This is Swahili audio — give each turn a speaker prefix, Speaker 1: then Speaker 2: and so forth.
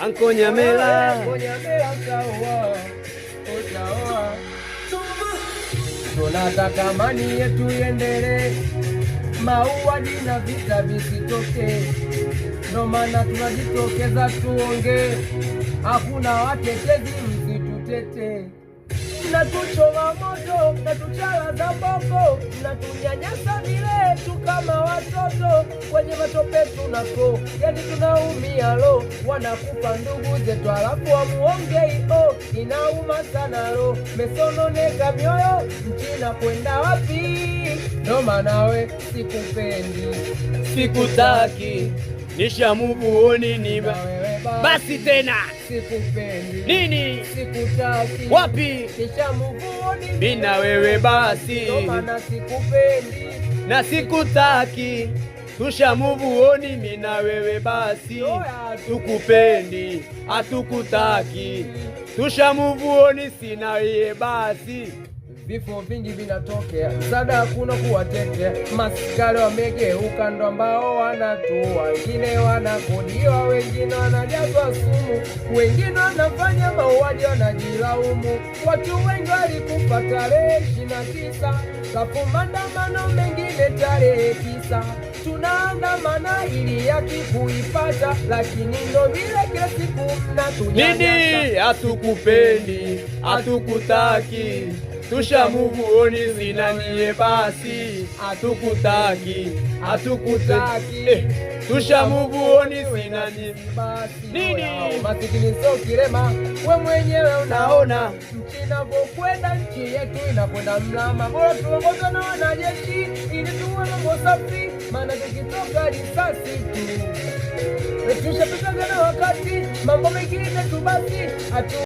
Speaker 1: Anko Nyamela
Speaker 2: tunataka amani yetu iendelee, mauaji na vita visitoke, Ndo maana tunajitokeza tuonge hakuna watetezi, msitutete mnatuchoma moto, mnatuchala za bongo, mnatunyanyasa viletu kama watoto, kwenye matope tunako, yani tunaumia lo, wanakufa ndugu zetu, alafu wamuongei o, inauma sana lo, mesononeka mioyo, mchina kwenda wapi? Ndo maana we sikupendi,
Speaker 1: sikutaki nishamubuoni nima basi tena nini wapi mina wewe basi na sikutaki tushamuvuoni mina wewe basi tukupendi atukutaki tushamuvuoni sina iye basi
Speaker 2: vifo vingi vinatokea, msaada hakuna kuwatetea. Maskari wamegeuka ndo ambao wanatua, wengine wanakodiwa, wengine wanajazwa sumu, wengine wanafanya mauaji, wanajilaumu. Watu wengi walikufa tarehe ishirini na tisa kafu maandamano mengine tarehe tisa tunaandamana ili yaki kuipata, lakini ndo vile kila siku natunyanyasa. Nini
Speaker 1: hatukupendi, hatukutaki zina niye basi atukutaki atukutaki eh, niye basi nini
Speaker 2: masikini sio kirema we mwenyewe unaona nchi inavyokwenda nchi yetu inakwenda mlama bora tuongozwe na wanajeshi ili tuwe mambo safi maana tukitoka risasi tu tushapitana na wakati mambo mengine tubasi basi